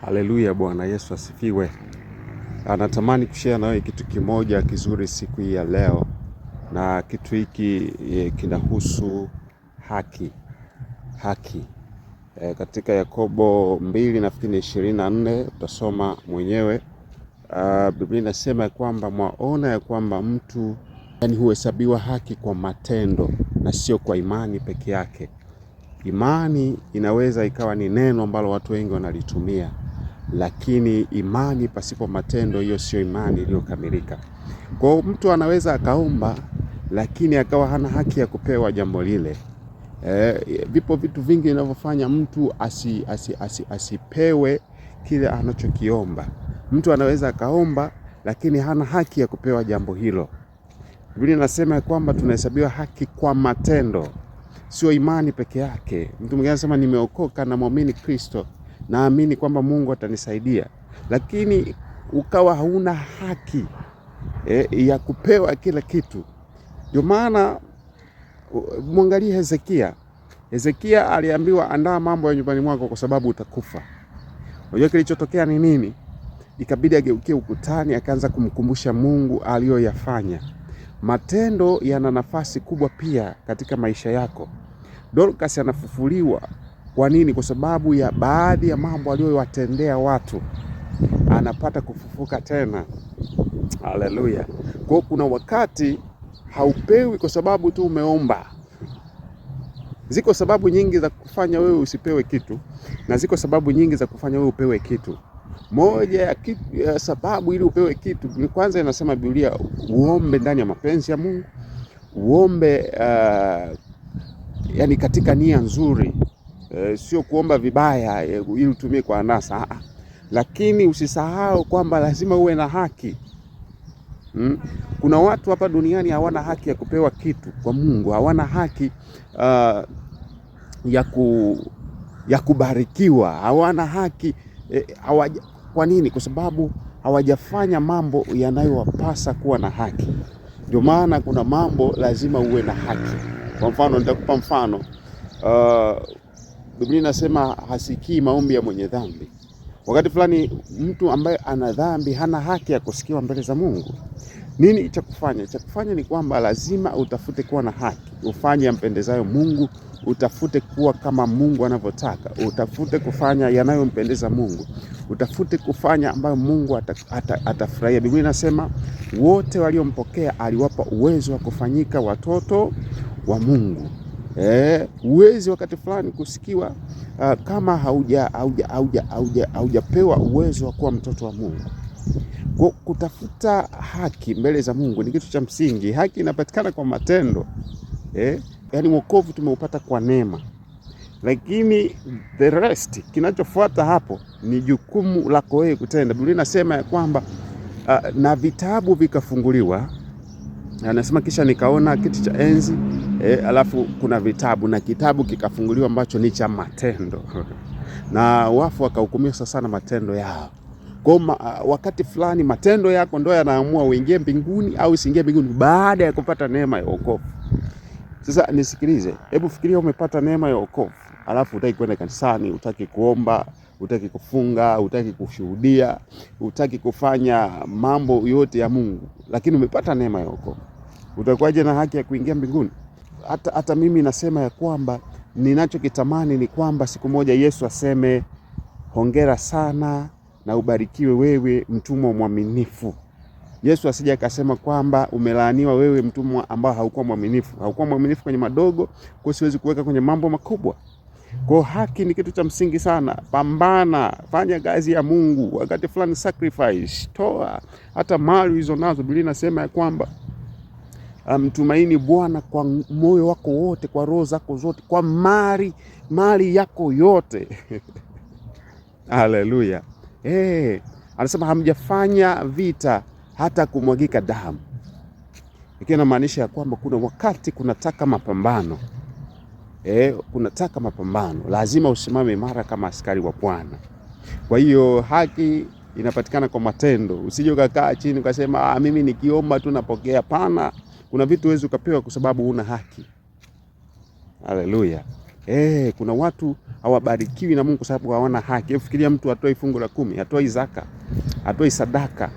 Haleluya, Bwana Yesu asifiwe. Anatamani kushare nawe kitu kimoja kizuri siku hii ya leo, na kitu hiki eh, kinahusu haki. Haki e, katika Yakobo mbili nafikiri ishirini na nne utasoma mwenyewe. Ah, Biblia inasema ya kwamba mwaona ya kwamba mtu yani huhesabiwa haki kwa matendo na sio kwa imani peke yake. Imani inaweza ikawa ni neno ambalo watu wengi wanalitumia lakini imani pasipo matendo, hiyo sio imani iliyokamilika. Kwa hiyo mtu anaweza akaomba, lakini akawa hana haki ya kupewa jambo lile. E, vipo vitu vingi vinavyofanya mtu asi, asi, asi, asipewe kile anachokiomba. Mtu anaweza akaomba, lakini hana haki ya kupewa jambo hilo. Biblia inasema kwamba tunahesabiwa haki kwa matendo, sio imani peke yake. Mtu mwingine anasema nimeokoka na muamini Kristo naamini kwamba Mungu atanisaidia, lakini ukawa hauna haki eh, ya kupewa kila kitu. Ndio maana mwangalie Hezekia. Hezekia aliambiwa andaa mambo ya nyumbani mwako kwa sababu utakufa. Unajua kilichotokea ni nini? Ikabidi ageukie ukutani, akaanza kumkumbusha Mungu aliyoyafanya. Matendo yana nafasi kubwa pia katika maisha yako. Dorcas anafufuliwa kwa nini? Kwa sababu ya baadhi ya mambo aliyowatendea watu, anapata kufufuka tena. Haleluya! Kwa hiyo kuna wakati haupewi kwa sababu tu umeomba. Ziko sababu nyingi za kufanya wewe usipewe kitu, na ziko sababu nyingi za kufanya wewe upewe kitu. Moja ya, kitu, ya sababu ili upewe kitu ni kwanza, inasema Biblia uombe ndani ya mapenzi ya Mungu, uombe uh, yani katika nia nzuri e, sio kuomba vibaya e, ili utumie kwa anasa, ah, ah. lakini usisahau kwamba lazima uwe na haki hmm? Kuna watu hapa duniani hawana haki ya kupewa kitu kwa Mungu, hawana haki uh, ya, ku, ya kubarikiwa, hawana haki eh, hawaja, kwa nini? Kwa sababu hawajafanya mambo yanayowapasa kuwa na haki. Ndio maana kuna mambo lazima uwe na haki. Kwa mfano, nitakupa mfano uh, Biblia inasema hasikii maombi ya mwenye dhambi. Wakati fulani mtu ambaye ana dhambi hana haki ya kusikiwa mbele za Mungu. Nini cha kufanya? Cha kufanya ni kwamba lazima utafute kuwa na haki, ufanye mpendezayo Mungu, utafute kuwa kama Mungu anavyotaka, utafute kufanya yanayompendeza Mungu, utafute kufanya ambayo Mungu atafurahia ata, ata. Biblia inasema wote waliompokea aliwapa uwezo wa kufanyika watoto wa Mungu eh, uwezi wakati fulani kusikiwa uh, kama hauja hauja, hauja, hauja, haujapewa uwezo wa kuwa mtoto wa Mungu. Kwa kutafuta haki mbele za Mungu ni kitu cha msingi. Haki inapatikana kwa matendo eh, yaani wokovu tumeupata kwa neema, lakini the rest, kinachofuata hapo ni jukumu lako wewe kutenda. Biblia inasema ya kwamba uh, na vitabu vikafunguliwa, anasema kisha nikaona kiti cha enzi e, alafu kuna vitabu na kitabu kikafunguliwa ambacho ni cha matendo na wafu wakahukumiwa sana matendo yao. Kwa ma, uh, wakati fulani matendo yako ndio yanaamua uingie mbinguni au usiingie mbinguni baada ya kupata neema ya wokovu. Sasa nisikilize, hebu fikiria umepata neema ya wokovu, alafu utaki kwenda kanisani, utaki kuomba, utaki kufunga, utaki kushuhudia, utaki kufanya mambo yote ya Mungu, lakini umepata neema ya wokovu, utakuwaje na haki ya kuingia mbinguni? hata, hata mimi nasema ya kwamba ninachokitamani ni kwamba siku moja Yesu aseme hongera sana na ubarikiwe wewe mtumwa mwaminifu. Yesu asije akasema kwamba umelaaniwa wewe mtumwa ambao haukuwa mwaminifu. Haukuwa mwaminifu kwenye madogo, kwa siwezi kuweka kwenye mambo makubwa. Kwa haki ni kitu cha msingi sana. Pambana, fanya kazi ya Mungu, wakati fulani sacrifice, toa hata mali ulizonazo. Biblia inasema ya kwamba mtumaini Bwana kwa moyo wako wote, kwa roho zako zote, kwa mali mali yako yote haleluya. Hey, eh, anasema hamjafanya vita hata kumwagika damu, ikiwa inamaanisha ya kwamba kuna wakati kunataka mapambano eh, kunataka mapambano, lazima usimame imara kama askari wa Bwana. Kwa hiyo haki inapatikana kwa matendo. Usije ukakaa chini ukasema, ah, mimi nikiomba tu napokea. Pana. Kuna vitu huwezi ukapewa kwa sababu huna haki. Haleluya. Eh, kuna watu hawabarikiwi na Mungu kwa sababu hawana haki. Efikiria mtu atoe fungu la kumi, atoi zaka, atoi sadaka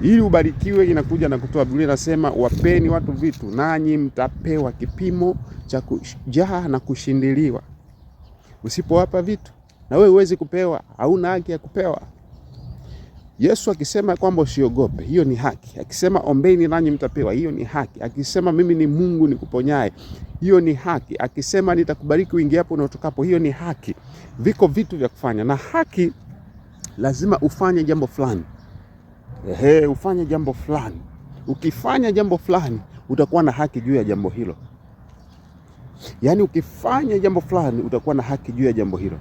ili ubarikiwe. Inakuja na kutoa. Biblia inasema wapeni watu vitu, nanyi mtapewa kipimo cha kujaa na kushindiliwa. Usipowapa vitu, na wewe huwezi kupewa, hauna haki ya kupewa. Yesu akisema kwamba usiogope, hiyo ni haki. Akisema ombeni nanyi mtapewa, hiyo ni haki. Akisema mimi ni Mungu nikuponyaye, hiyo ni haki. Akisema nitakubariki uingiapo na utokapo, hiyo ni haki. Viko vitu vya kufanya na haki, lazima ufanye jambo fulani. Ehe, ufanye jambo fulani. Ukifanya jambo fulani utakuwa na haki juu ya jambo hilo. Yaani ukifanya jambo fulani utakuwa na haki juu ya jambo hilo.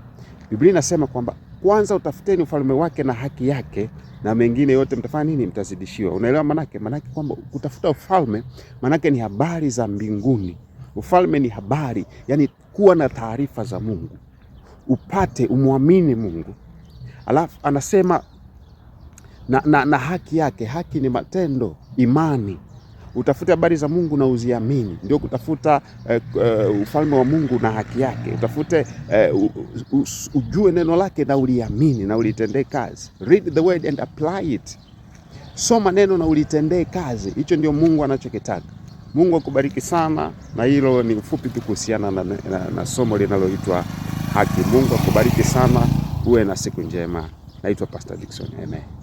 Biblia inasema kwamba kwanza utafuteni ufalme wake na haki yake, na mengine yote mtafanya nini? Mtazidishiwa. Unaelewa manake? Manake kwamba kutafuta ufalme manake ni habari za mbinguni. Ufalme ni habari, yani kuwa na taarifa za Mungu, upate umwamini Mungu. Alafu anasema na, na, na haki yake. Haki ni matendo, imani Utafute habari za Mungu na uziamini, ndio kutafuta uh, uh, ufalme wa Mungu na haki yake. Utafute uh, ujue neno lake na uliamini na ulitendee kazi. Read the word and apply it. Soma neno na ulitendee kazi. Hicho ndio Mungu anachokitaka. Mungu akubariki sana, na hilo ni ufupi tu kuhusiana na, na, na, na somo linaloitwa haki. Mungu akubariki sana, uwe na siku njema. Naitwa Pastor Dickson. Amen.